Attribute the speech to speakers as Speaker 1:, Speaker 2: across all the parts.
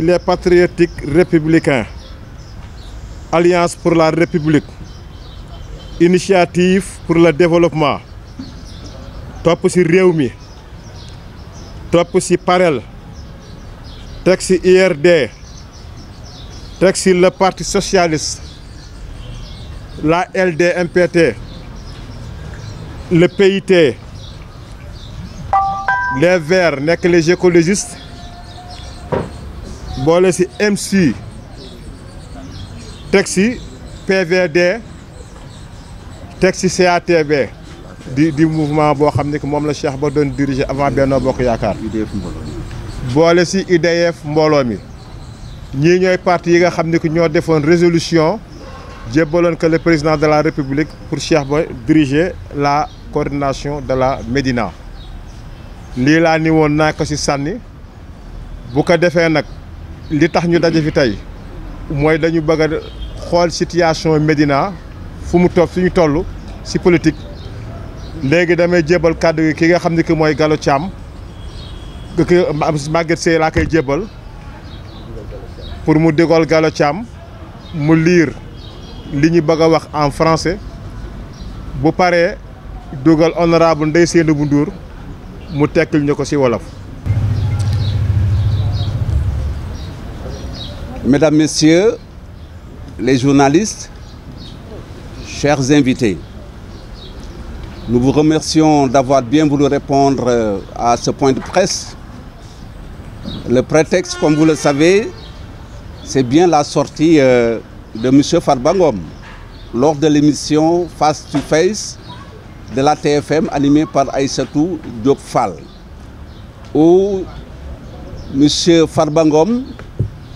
Speaker 1: Les patriotiques républicain Alliance pour la République, Initiative pour le développement, topp si réew mi topp ci parel teg ci IRD teg ci le parti socialiste la LDMPT le PIT les verts nekk les écologistes boole si MC teg si PVD teg si CATB di di mouvement boo xam ni que moom la Cheikh Ba doon diriger avant Benno Bokk Yaakaar boole si IDF mbooloo mi ñii ñooy parti yi nga xam ni que ñoo defoon résolution jébbaloon que le président de la République pour Cheikh Ba diriger la coordination de la Médina lii laa ni woon naa ko ci sànni bu ko defee nag li tax ñu daje fi tey mooy dañu bëgg xool situation Médina fu mu toog fi ñu toll ci politique. léegi damay jébal kàddu gi ki nga xam ni ki mooy Gallo Thiam ki Maguette Seye laa koy jébal pour mu digal Gallo Thiam mu liir li ñu bëgg a wax en français bu paree dugal honorable Ndeye Seydou bu Ndour mu tekkil ñu ko ci wolof.
Speaker 2: Mesdames, Messieurs les journalistes, chers invités, nous vous remercions d'avoir bien voulu répondre euh, à ce point de presse. Le prétexte, comme vous le savez, c'est bien la sortie euh, de M. Farbangom lors de l'émission Face to Face de la TFM animée par Aïssatou Diop Fall, où M. Farbangom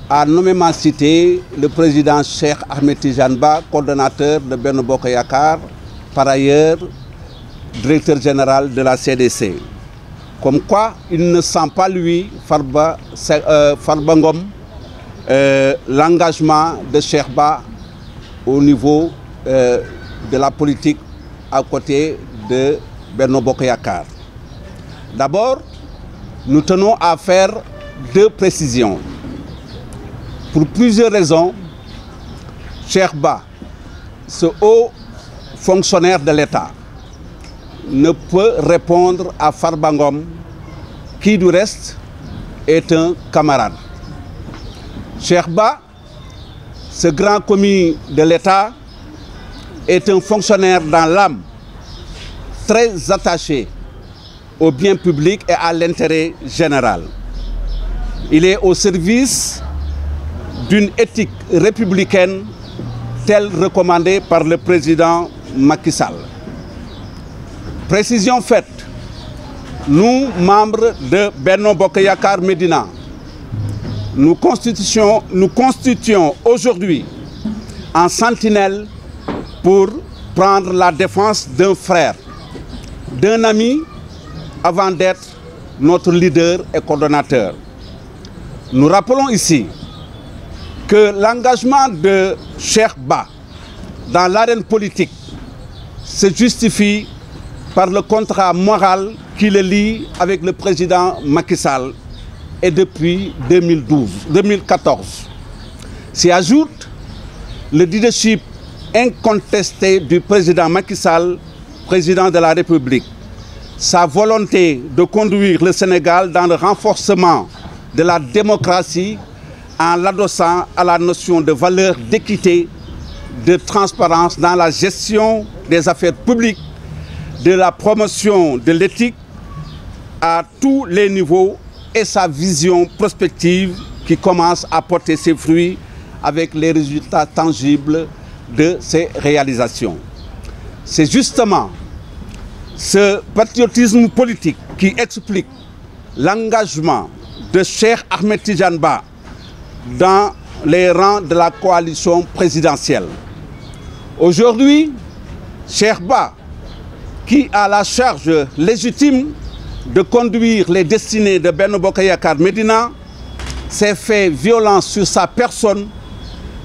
Speaker 2: à nommément cité le président Cheikh Ahmed Tijanba, coordonnateur de Beno Yakar, par ailleurs directeur général de la CDC. Comme quoi, il ne sent pas, lui, Farba, euh, Farbangom, euh, l'engagement de Cheikh Ba au niveau euh, de la politique à côté de Benno Bokoyakar. D'abord, nous tenons à faire deux précisions. Pour plusieurs raisons, Cherba, ce haut fonctionnaire de l'État, ne peut répondre à Farbangom, qui du reste est un camarade. Cherba, ce grand commis de l'État, est un fonctionnaire dans l'âme, très attaché au bien public et à l'intérêt général. Il est au service d'une éthique républicaine tel recommandé par le président Macky Sall. Précision faite, nous, membres de Berno Bokeyakar Medina, nous constituons, aujourd'hui en sentinelle pour prendre la défense d'un frère, d'un ami, avant d'être notre leader et coordonnateur. Nous rappelons ici que l'engagement de Cheikh Ba dans l'arène politique se justifie par le contrat moral qui le lie avec le président Macky Sall et depuis 2012, 2014. S'y ajoute le de leadership incontestée du président Macky Sall, président de la République. Sa volonté de conduire le Sénégal dans le renforcement de la démocratie en l'adossant à la notion de valeur d'équité, de transparence dans la gestion des affaires publiques, de la promotion de l'éthique à tous les niveaux et sa vision prospective qui commence à porter ses fruits avec les résultats tangibles de ses réalisations. C'est justement ce patriotisme politique qui explique l'engagement de Cheikh Ahmed Tijan Ba dans les rangs de la coalition présidentielle. Aujourd'hui, Cheikh Ba, qui a la charge légitime de conduire les destinées de Benno Bokayakar Medina, s'est fait violence sur sa personne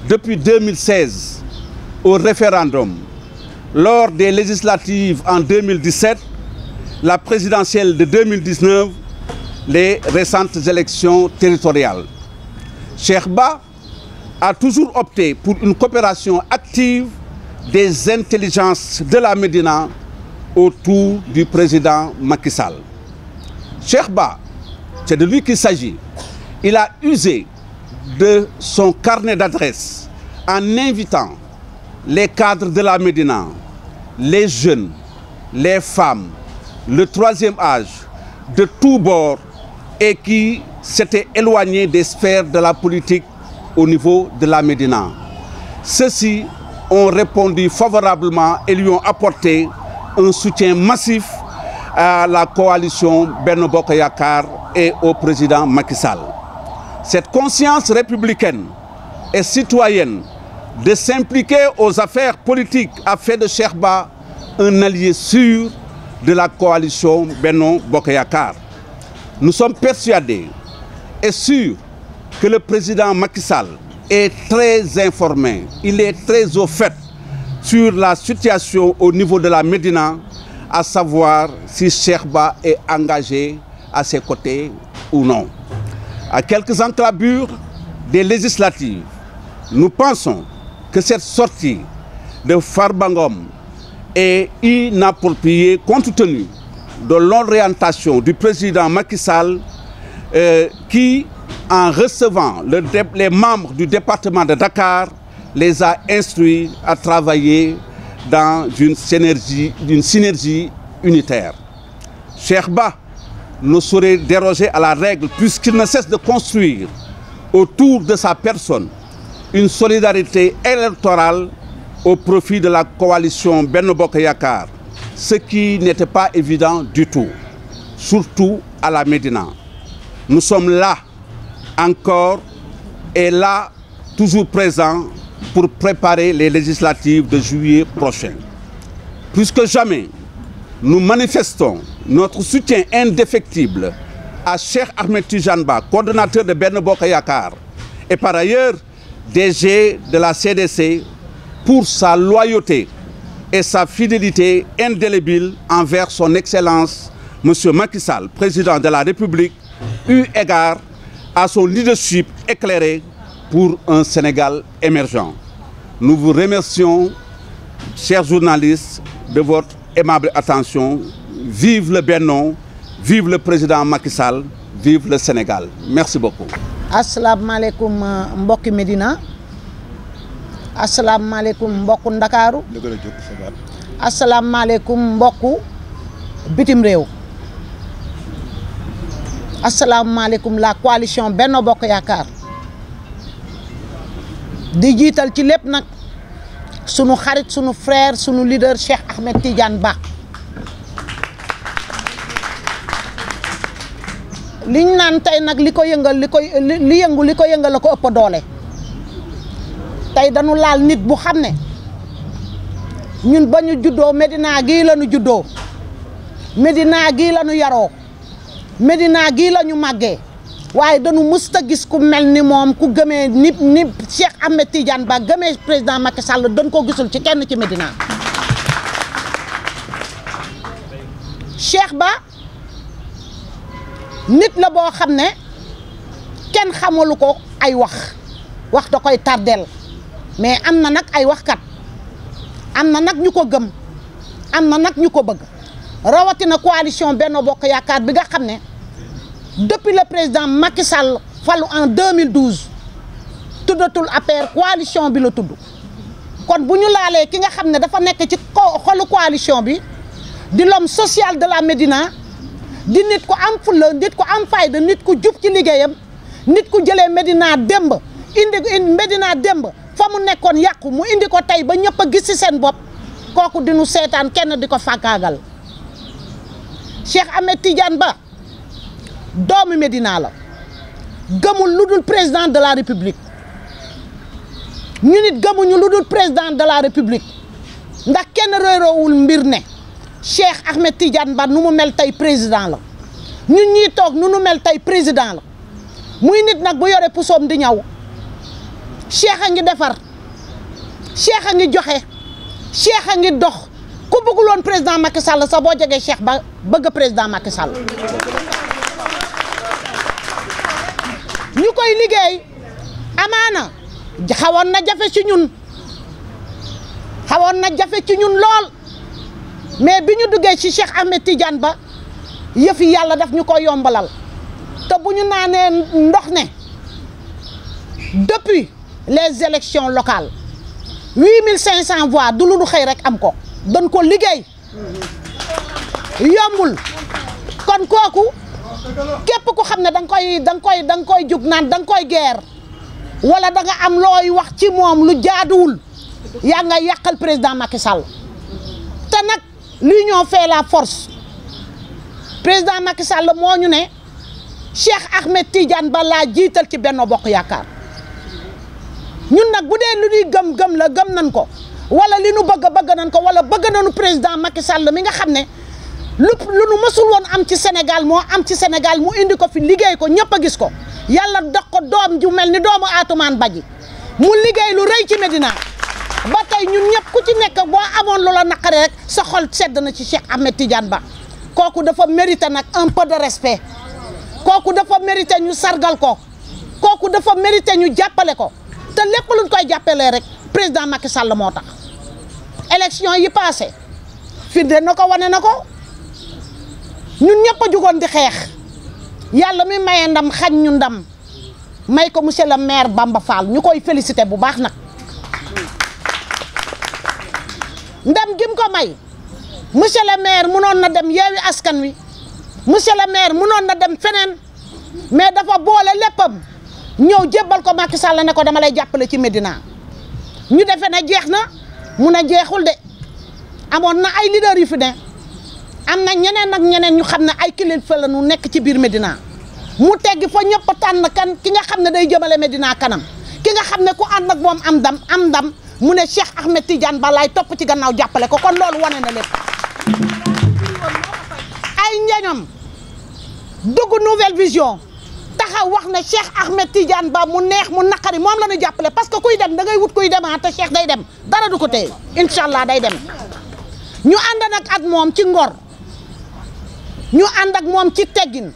Speaker 2: depuis 2016 au référendum. Lors des législatives en 2017, la présidentielle de 2019, les récentes élections territoriales. Cherba a toujours opté pour une coopération active des intelligences de la Médina autour du président Macky Sall. Cherba, c'est de lui qu'il Il a usé de son carnet d'adresses en invitant les cadres de la Médina les jeunes les femmes le troisième âge de tous bords et qui s'étaient éloignés des sphères de la politique au niveau de la Médina. Ceux-ci ont répondu favorablement et lui ont apporté un soutien massif à la coalition Benno Bokk Yakaar et au président Macky Sall. Cette conscience républicaine et citoyenne de s'impliquer aux affaires politiques a fait de Cheikh Ba un allié sûr de la coalition Benno Bokk Yakaar. Nous sommes persuadés et sûrs que le président Macky est très informé, il est très au fait sur la situation au niveau de la Médina, à savoir si Cheikh Ba est engagé à ses côtés ou non. À quelques enclabures des législatives, nous pensons que cette sortie de Farbangom est inappropriée compte tenu de l'orientation du président Macky Sall euh, qui, en recevant le les membres du département de Dakar, les a instruits à travailler dans une synergie, une synergie unitaire. Cherba ne saurait déroger à la règle puisqu'il ne cesse de construire autour de sa personne une solidarité électorale au profit de la coalition Benno Bokk Yakaar ce qui n'était pas évident du tout surtout à la Médina nous sommes là encore et là toujours présents pour préparer les législatives de juillet prochain plus que jamais nous manifestons notre soutien indéfectible à Cheikh Ahmed Tidiane Ba coordonnateur de Benno Bokk Yakaar et par ailleurs DG de la CDC, pour sa loyauté et sa fidélité indélébile envers son Excellence M. Macky président de la République, eu égard à son leadership éclairé pour un Sénégal émergent. Nous vous remercions, chers journalistes, de votre aimable attention. Vive le Bernon, vive le président Macky vive le Sénégal merci beaucoup.
Speaker 3: asalaamaaleykum euh, mbokki Medina asalaamaaleykum mbokku Ndakaaru. asalaamaaleykum mbokku bitim réew. asalaamaaleykum la coalition Benno Bokk Yaakaar di jiital ci lépp nag sunu xarit sunu frère sunu leader Cheikh Ahmed Tidiane Ba. ñu naan tey nag li ko yëngal li koy li yëngu li ko yëngal la ko ëpp doole tey dañu laal nit bu xam ne ñun ba ñu juddoo Medina gii lañu juddoo Medina gii lañu ñu yaroo Medina gii lañu ñu màggee waaye dañu mësta gis ku mel ni moom ku gëmee ni ni Cheikh Ahmed Tidiane Ba gëmee président Macky Sall dañ ko gisul ci kenn ci Medina Cheikh Ba. nit la boo xam ne kenn xamalu ko ay wax wax da koy tardeel mais am na nag ay waxkat am na nag ñu ko gëm am na nag ñu ko bëgg rawatina coalition benn Bokk Yaakaar bi nga xam ne depuis le président Macky Sall falu en 2012 tuddatul APR coalition bi la tudd kon bu ñu laalee ki nga xam ne dafa nekk ci xolu coalition bi di l'homme social de la Médina di nit ku am fulla nit ku am fayda nit ku jub ci liggéeyam nit ku jëlee Medina démb indi Medina démb fa mu nekkoon yàqu mu indi ko tey ba ñëpp a gis ci seen bopp kooku dinu seetaan kenn di ko fàkkaagal Cheikh Ahmed Tidiane Ba doomi Medina la gëmul lu dul président de la république ñu nit gëmuñu lu dul président de la république ndax kenn réeroowul mbir ne Cheikh Ahmed Tidiane Ba nu mu mel tey président la ñun ñii toog nu nu mel tey président la muy nit nag bu yore pusoom di ñaw Cheikh a ngi defar Cheikh a ngi joxe Cheikh a ngi dox ku bëgguloon président Macky Sall sax boo jegee Cheikh ba bëgg président Macky Sall ñu koy liggéey amaana xawoon na jafe ci ñun xawoon na jafe ci ñun lool. mais bi ñu duggee ci Cheikh Ahmed Tidiane ba yëf yàlla def ñu ko yombalal te bu ñu naanee ndox ne depuis les élections locales huit mille cinq cent voix du lu lu xëy rek am ko dañ ko liggéey yombul kon kooku képp ku xam ne da nga koy da koy da nga koy naan da nga koy geer wala da am looy wax ci moom lu jaaduwul yaa nga yàqal président Macky Sall l'union fait la force président Macky Sall moo ñu ne Cheikh Ahmed Tidiane Ba laa jiital ci benn Bokk Yaakaar ñun nag bu dee lu ñuy gëm-gëm la gëm nañ ko wala li nu bëgg bëgg nañ ko wala bëgg nañu président Macky Sall mi nga xam ne lu lu nu mësul woon am ci senegal moo am ci Sénégal mu indi ko fi liggéey ko ñëpp a gis ko yàlla dox ko doom ju mel ni doomu Atoumane Badji mu liggéey lu rëy ci Medina. tey ñun ñëpp ku ci nekk boo amoon la naqare rek sa xol sedd na ci Cheikh Ahmed Tidiane Ba kooku dafa mérité nag un peu de respect kooku dafa mérité ñu sargal ko kooku dafa mérité ñu jàppale ko te lépp luñ koy jàppalee rek président Macky Sall moo tax élection yi passé firnde na ko wane na ko ñun ñëpp a jugoon di xeex yàlla mi maye ndam xañ ñu ndam may ko monsieur le maire Bamba Fall ñu koy félicité bu baax nag ndam gim ko may monsieur le maire munoon na dem yeewi askan wi monsieur le maire munoon na dem feneen mais dafa boole léppam ñëw jébbal ko Macky Sall ne ko dama lay jàppale ci Médina ñu defee ne jeex na mun a jeexul de amoon na ay leader yu fi ne am na ñeneen nag ñeneen ñu xam ne ay kilifa la ñu nekk ci biir Médina mu teggi fa ñëpp tànn kan ki nga xam ne day jëmale Médina kanam ki nga xam ne ku ànd ak moom am ndam am ndam mu ne Cheikh Ahmed Tidiane ba laay topp ci gannaaw jàppale ko kon loolu wane na lépp ay njañam dugg nouvelle vision taxaw wax na Cheikh Ahmed Tidiane ba mu neex mu naqari moom la ñu jàppale parce que kuy dem da ngay wut kuy demaat ah te Cheikh day dem dara du ko téye incha allah day dem ñu ànd nag ak moom ci ngor ñu àndak moom ci teggin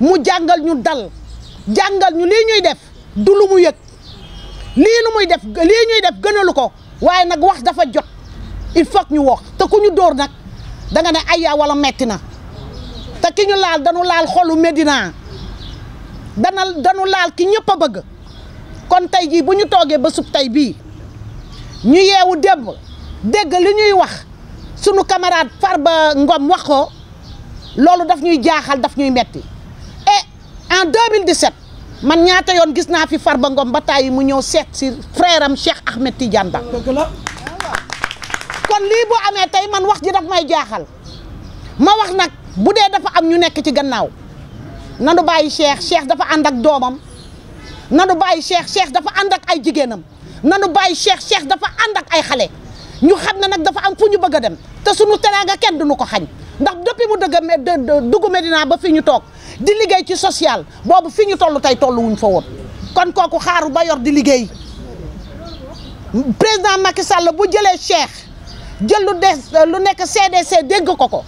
Speaker 3: mu jàngal ñu dal jàngal ñu lii ñuy def du lu mu yëg. lii nu muy def lii ñuy def gënalu ko waaye nag wax dafa jot il faut ñu wax te ku ñu dóor nag danga ne ayya wala metti na te ki ñu laal dañu laal xolu Médina dana dañu laal ki ñëpp a bëgg kon tey jii bu ñu toogee ba sub tey bii ñu yeewu démb dégg li ñuy wax sunu camarade Farba Ngom wax ko loolu daf ñuy jaaxal daf ñuy metti et en 2017 man ñaata yoon gis naa fi far ba Ngom ba tàyyi mu ñëw seet si frère am Cheikh Ahmed Tidiane Ba kon lii boo amee tey man wax ji daf may jaaxal ma wax nag bu dee dafa am ñu nekk ci gannaaw nanu bàyyi Cheikh Cheikh dafa ànd ak doomam nanu bàyyi Cheikh Cheikh dafa ànd ak ay jigéenam nanu bàyyi Cheikh Cheikh dafa ànd ak ay xale ñu xam ne nag dafa am fu ñu bëgg dem te sunu nga kenn duñu ko xañ ndax depuis mu dëgg dugg Medina ba fi ñu toog di liggéey ci social boobu fi ñu toll tey toll wuñ fa woon kon kooku xaaru ba di liggéey président Macky sàll bu jëlee Cheikh jël lu des lu nekk CDC dégg ko ko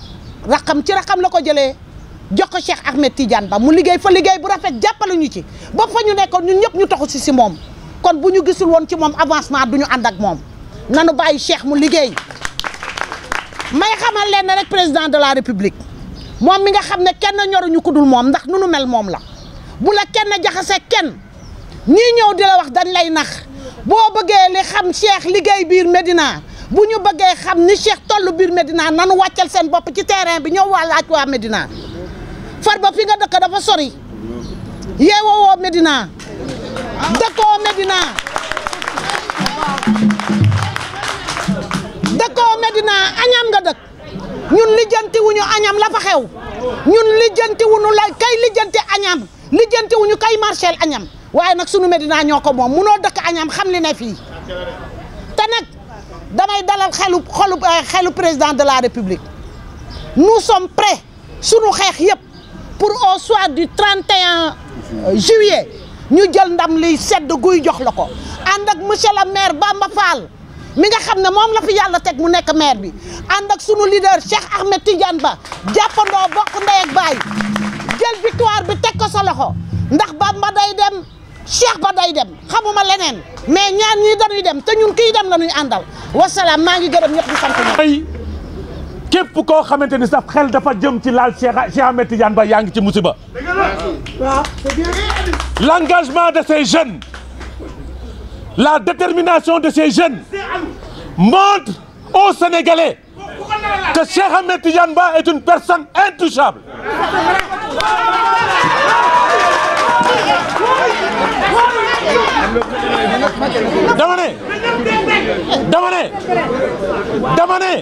Speaker 3: raxam ci raxam la ko jëlee jox ko Cheikh Ahmed Tidiane Ba mu liggéey fa liggéey bu rafet jàppale ñu ci ba fa ñu nekkoon ñun ñëpp ñu taxu si si moom kon bu ñu gisul woon ci moom avancement du ñu ànd ak moom nanu bàyyi Cheikh mu liggéey may xamal leen rek président de la République moom mi nga xam ne kenn ñoruñu ku dul moom ndax nu nu mel moom la bu la kenn jaxase kenn ñii ñëw di la wax dañ lay nax boo bëggee li xam Cheikh liggéey biir Medina bu ñu bëggee xam ni Cheikh toll biir Medina nanu wàccal seen bopp ci terrain bi ñëw waa laaj waa Medina Farba fi nga dëkk dafa sori yeewoo Medina dëkkoo Medina dëkkoo Medina añaam nga dëkk. ñun lijjanti añam la fa xew ñun lijjanti wuñu la kay lijjanti añam lijjanti kay marchel añam waaye nag sunu Medina ñoo ko moom munoo dëkk añam xam li ne fii te nag damay dalal xelu xolu eh, xelu président de la république nous sommes prêts sunu xeex yëpp pour au soir du 31 juillet ñu jël ndam li sedd guy jox la ko ànd ak monsieur le maire Bamba Fall mi nga xam ne moom la fi yàlla teg mu nekk maire bi ànd ak sunu leader Cheikh Ahmed Tidiane Ba jàppandoo bokk ndey ak baay victoire bi teg ko sa loxo ndax Bamba day dem Cheikh Ba day dem xamuma leneen mais ñaar ñii dañuy dem te ñun kii dem la ñuy àndal wasalaam maa ngi gërëm ñëpp di sant ñoom.
Speaker 4: képp koo xamante ni sax xel dafa jëm ci laal Cheikh Cheikh Ahmed Tidiane Ba yaa ngi ci musiba. l' engagement de ces jeunes. la détermination de ces jeunes montre aux Sénégalais que Cheikh Ahmed Tidiane Ba est une personne intouchable. dama ne dama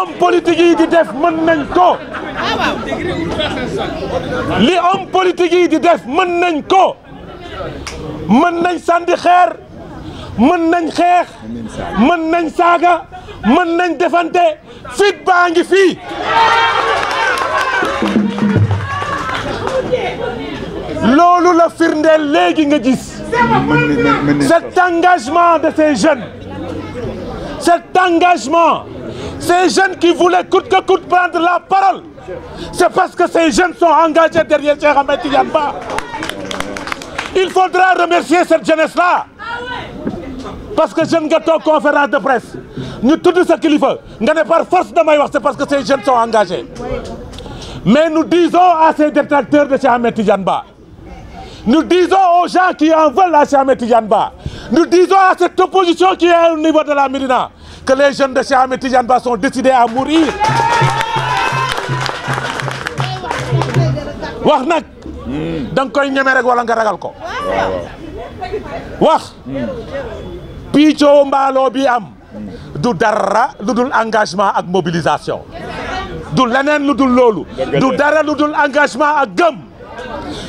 Speaker 4: homme politique di def mën nañ ko li homme politique di def mën nañ ko. mën nañ sandi xeer mën nañ xeex mën nañ saaga mën nañ defante fit baa ngi fii loolu la firndeel léegi nga gis cet engagement de ces jeunes cet engagement ces jeunes qui voulaient coûte que coûte prendre la parole c'est parce que ces jeunes sont engagés derrière Cheikh Ahmed Ba il faudra remercier cette jeunesse-là parce que jeune nga toog conférence de presse ñu tudd sa kilifa nga ne par force damay wax c'est parce que ces jeunes sont engagés mais nous disons à ces détracteurs de Cheikh Ahmed Tidiane Ba nous disons aux gens qui en veulent à Cheikh Ahmed Tidiane Ba nous disons à cette opposition qui est au niveau de la Médina que les jeunes de Cheikh Ahmed sont décidés à mourir da nga koy ñeme rek wala nga ragal ko wax piicoo mbaaloo bi am du dara lu dul engagement ak mobilisation du leneen lu dul loolu du dara lu dul engagement ak gëm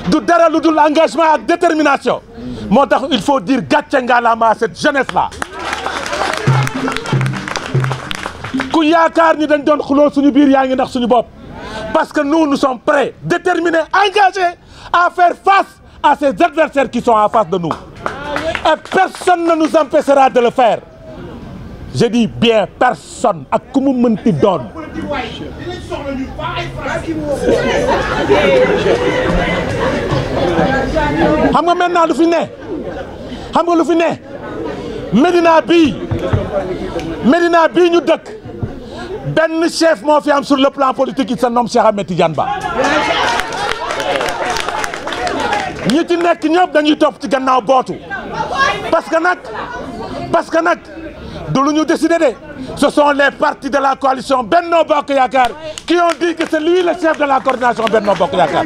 Speaker 4: du dara lu dul engagement ak détermination moo tax il faut dire gàcce ngalaama cette jeunesse là ku yaakaar ni dañ doon xuloo suñu biir yaa ngi ndax suñu bopp Parce que nous, nous sommes prêts, déterminés, engagés à faire face à ces adversaires qui sont en face de nous. Et personne ne nous empêchera de le faire. Je dis bien personne, à qui me donne. xam nga maintenant lu fi ne xam nga lu fi ne Médina bii Médina bii ñu dëkk benn chef moo fi am sur le plan politique il se nomme Cheikh Ahmed Tidiane Ba ñi ci nekk ñëpp dañuy topp ci gannaaw bootu parce que nag parce que nag du lu ñu décidé de ce sont les partis de la coalition Benno Bokk Yaakaar qui ont dit que c'est lui chef de la coordination Benno Bokk Yaakaar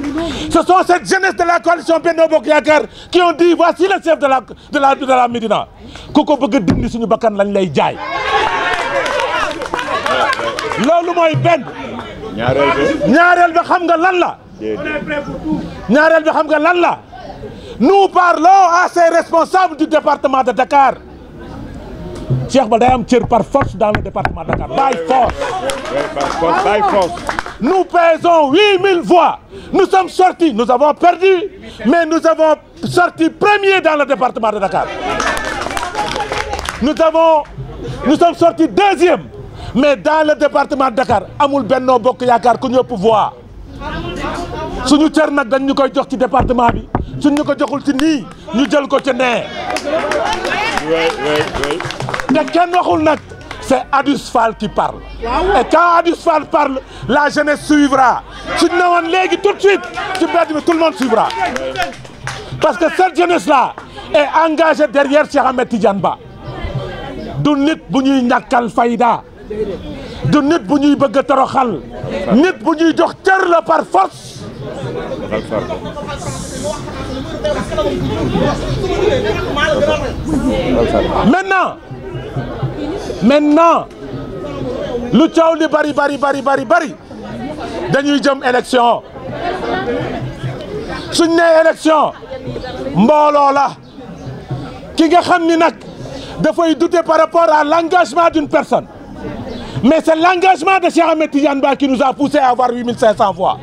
Speaker 4: ce sont cette jeunesse de la coalition Benno Bokk Yaakaar qui ont dit voici le chef de la de la la Médina ku ko bëgg dindi suñu bakkan lañu lay jaay. loolu mooy benn.
Speaker 3: ñaareel bi ñaareel bi
Speaker 4: xam nga lan la. ñaareel xam nga lan la. nous parlons à ces responsables du département de Dakar. Cheikh Ba day am cër par force dans le département de Dakar by force. by force. nous pesons 8000 voix. nous sommes sortis nous avons perdu mais nous avons sorti premier dans le département de Dakar. nous avons nous sommes sortis deuxième. mais dans le département Dakar amul Benno Bokk Yaakaar ku ñëpp voix suñu cër nag dañ ñu koy jox ci département bi suñ ñu ko joxul ci nii ñu jël ko ci nee te kenn waxul nag c'est Adus Fall qui parle et quand Adus Fall parle la jeunesse suivra suñ ne woon léegi tout de suite ci mbedd bi tout le monde suivra parce que cette jeunesse là est engagée derrière Cheikh Ahmed Tidiane Ba du nit bu ñuy ñàkkal fayda du nit bu ñuy bëgg a toroxal nit bu ñuy jox cër la par force maintenant maintenant lu coow li bari bari bari bari bari dañuy jëm élection suñ nee élection mbooloo la ki nga xam ni nag dafay douter par rapport à l'engagement d'une personne Mais c'est l'engagement de Cheikh Ahmed Tijanba qui nous a poussé à avoir 8500 voix.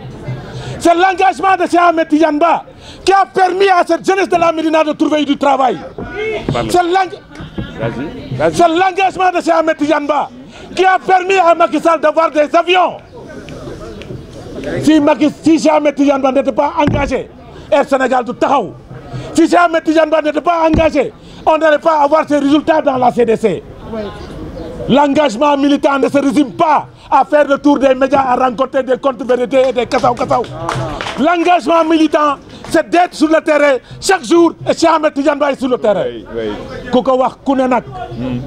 Speaker 4: C'est l'engagement de Cheikh Ahmed Tijanba qui a permis à cette jeunesse de la Médina de trouver du travail. C'est l'engagement de Cheikh Ahmed Tijanba qui a permis à Macky Sall d'avoir des avions. Si, Macky, si Cheikh Ahmed Tijanba n'était pas engagé, Air Sénégal de Tahaou. Si Cheikh Ahmed Tijanba n'était pas engagé, on n'allait pas avoir ces résultats dans la CDC. L'engagement militant ne se résume pas à faire le tour des médias, à rencontrer des contre-vérités et des kassao-kassao. L'engagement militant, c'est d'être sur le terrain chaque jour et Cheikh Ahmed Tidiane Ba sur le terrain. ku ko wax ku ne nag.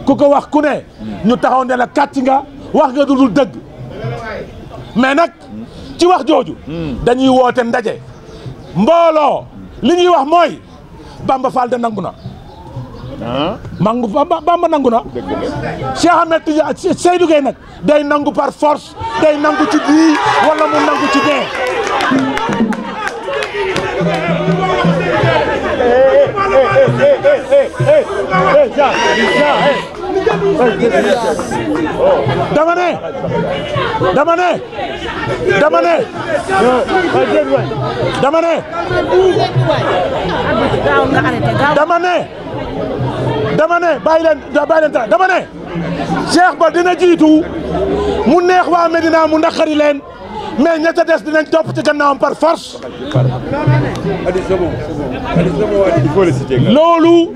Speaker 4: ku ko wax ku ne. ñu taxaw ne la kàcc nga wax nga dudul dëgg. mais nag ci wax jooju. dañuy woote ndaje. mbooloo li ñuy wax mooy Bamba Fall de nangu na. Ah? mangu Bamba nangu na Cheikh Ahmed Tidiane ah, Seydou Gueye nag day nangu par force day nangu ci bii mu nangu ci dee dama ne dama ne dama ne dama ne dama ne dama ne bàyyi leen bàyyi leen ta dama ne Cheikh Ba dina jiitu mu neex waa Medina mu naqari leen mais ña ca des dinañ topp ci gannaawam par force. loolu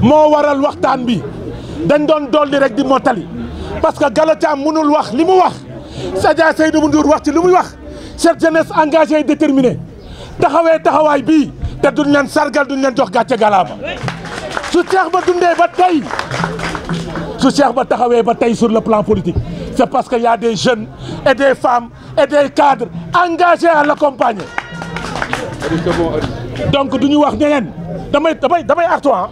Speaker 4: moo waral waxtaan bi dañ doon dolli rek di mottali parce que Gallo Thiam mënul wax li mu wax Sadia Seydou Ndour wax ci li muy wax cette jeunesse engagée et déterminée taxawee taxawaay bii te duñ leen sargal duñ leen jox gàcce galaama. su Cheikh Ba dundee ba tey su Cheikh Ba taxawee ba tey sur le plan politique c'est parce que y a des jeunes et des femmes et des cadres engagés à l'accompagner donc du ñu wax ñeneen damay damay damay artu ah.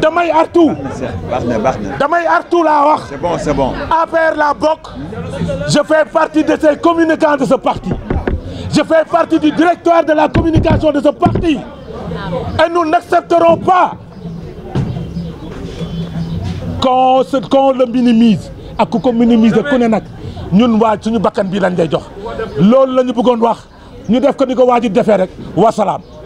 Speaker 4: damay artu. baax na baax na damay artu laa wax. c'est bon c'est bon. APR laa bokk. je fais partie de ces communicants de ce parti. je fais partie du directoire de la communication de ce parti. et nous n'accepterons pas qu'on se qu'on le minimise ak ku ko minimiser ku ne nag ñun waa suñu bakkan bii lañ lay jox loolu la ñu bëggoon wax ñu def ko ni ko waa ji defee rek wasalaam.